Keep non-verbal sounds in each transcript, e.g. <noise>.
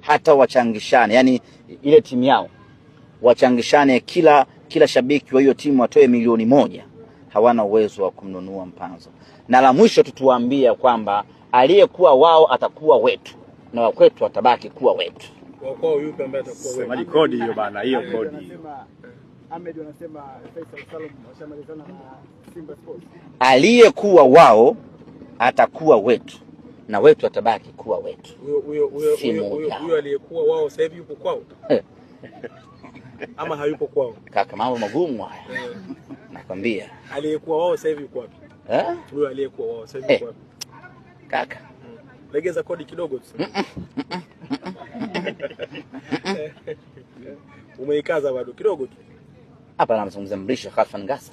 hata wachangishane, yani ile timu yao wachangishane, kila kila shabiki wa hiyo timu watoe milioni moja. Hawana uwezo wa kumnunua Mpanzo. Na la mwisho tutuwaambia kwamba aliyekuwa wao atakuwa wetu na wa kwetu atabaki kuwa wetu. Kwa yupi ambaye atakuwa wetu? kodi hiyo bana, hiyo kodi. Ahmed anasema Faisal Salum washamalizana na Simba Sports. Aliyekuwa wao atakuwa wetu na wetu atabaki kuwa wetu. Huyo aliyekuwa wao sasa hivi yupo kwao <laughs> ama hayupo kwao? Kaka, mambo magumu haya eh. nakwambia. Aliyekuwa wao sasa hivi yuko wapi? Eh, huyo aliyekuwa wao sasa hivi eh. yuko wapi? Kaka, mm. legeza kodi kidogo tu. <laughs> Umeikaza bado kidogo tu hapa. Namzungumza Mrisho Khalfan Gasa.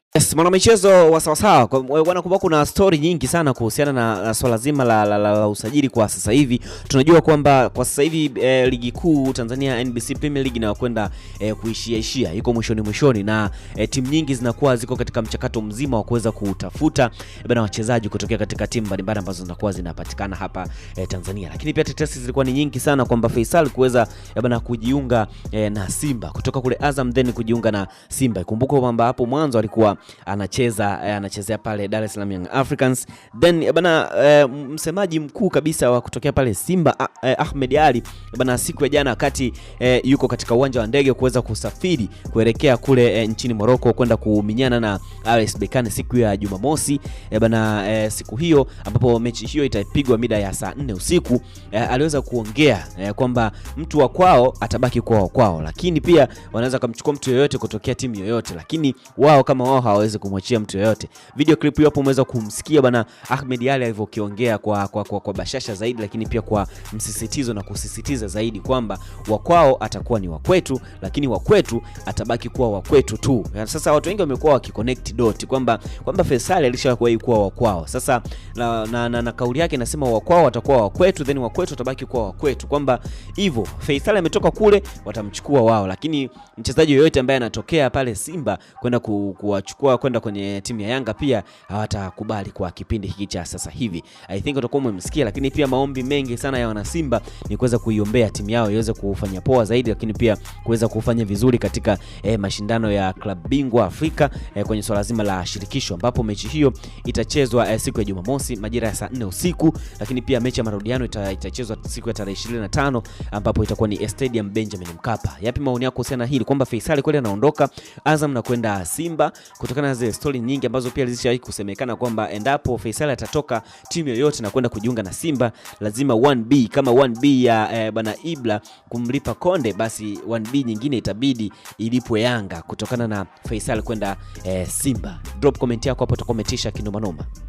<laughs> Yes, mwanamichezo wa sawasawa bwana, kumbuka kuna stori nyingi sana kuhusiana na, na swala zima la, la, la, la usajili kwa sasa hivi. Tunajua kwamba kwa sasa hivi e, ligi kuu Tanzania NBC Premier League inayokwenda e, kuishia ishia iko mwishoni mwishoni, na e, timu nyingi zinakuwa ziko katika mchakato mzima wa kuweza kutafuta bwana wachezaji kutokea katika timu mbalimbali ambazo zinakuwa zinapatikana hapa e, Tanzania, lakini pia tetesi zilikuwa ni nyingi sana kwamba Faisal kuweza bwana kujiunga e, na Simba kutoka kule Azam then kujiunga na Simba. Ikumbuke kwamba hapo mwanzo alikuwa anacheza eh, anachezea pale Dar es Salaam Young Africans. Then eh, bana e, msemaji mkuu kabisa wa kutokea pale Simba ah, eh, Ahmed Ali bana siku ya jana wakati e, yuko katika uwanja wa ndege kuweza kusafiri kuelekea kule e, nchini Morocco kwenda kuminyana na RS Berkane siku ya Jumamosi e, bana e, siku hiyo ambapo mechi hiyo itapigwa mida ya saa nne usiku e, aliweza kuongea e, kwamba mtu wa kwao atabaki kwao kwao, lakini pia wanaweza kumchukua mtu yoyote kutokea timu yoyote, lakini wao kama wao aweze kumwachia mtu yoyote. Video clip hiyo hapo umeweza kumsikia bana Ahmed Ally alivyokiongea kwa, kwa, kwa, kwa bashasha zaidi, lakini pia kwa msisitizo na kusisitiza zaidi kwamba wakwao atakuwa ni wakwetu, lakini wakwetu atabaki kuwa wakwetu tu. Yaani sasa watu wengi wamekuwa wakiconnect dot kwamba kwamba Faisal alishawahi kuwa wakwao. Sasa na, na, na, na kauli yake inasema wakwao watakuwa wakwetu then wakwetu watabaki kuwa wakwetu, kwamba hivyo Faisal ametoka kule watamchukua wao, lakini mchezaji yoyote ambaye anatokea pale Simba kwenda kuwachukua kuchukua kwenda kwenye timu ya Yanga pia hawatakubali kwa kipindi hiki cha sasa hivi. I think utakuwa umemsikia, lakini pia maombi mengi sana ya wanasimba ni kuweza kuiombea timu yao iweze kufanya poa zaidi, lakini pia kuweza kufanya vizuri katika eh, mashindano ya klabu bingwa Afrika eh, kwenye swala zima la shirikisho ambapo mechi hiyo itachezwa eh, siku ya Jumamosi majira ya saa 4 usiku, lakini pia mechi ya marudiano ita, itachezwa siku ya tarehe 25 ambapo itakuwa ni Stadium Benjamin Mkapa. Yapi maoni yako kuhusiana na hili kwamba Faisal kweli anaondoka Azam na kwenda Simba? kutokana na zile stori nyingi ambazo pia zilishawahi kusemekana kwamba endapo Faisal atatoka timu yoyote na kwenda kujiunga na Simba, lazima 1B kama 1B ya eh, bwana Ibla kumlipa Konde, basi 1B nyingine itabidi ilipwe Yanga kutokana na Faisal kwenda eh, Simba. Drop comment yako hapo, utakometisha kinomanoma.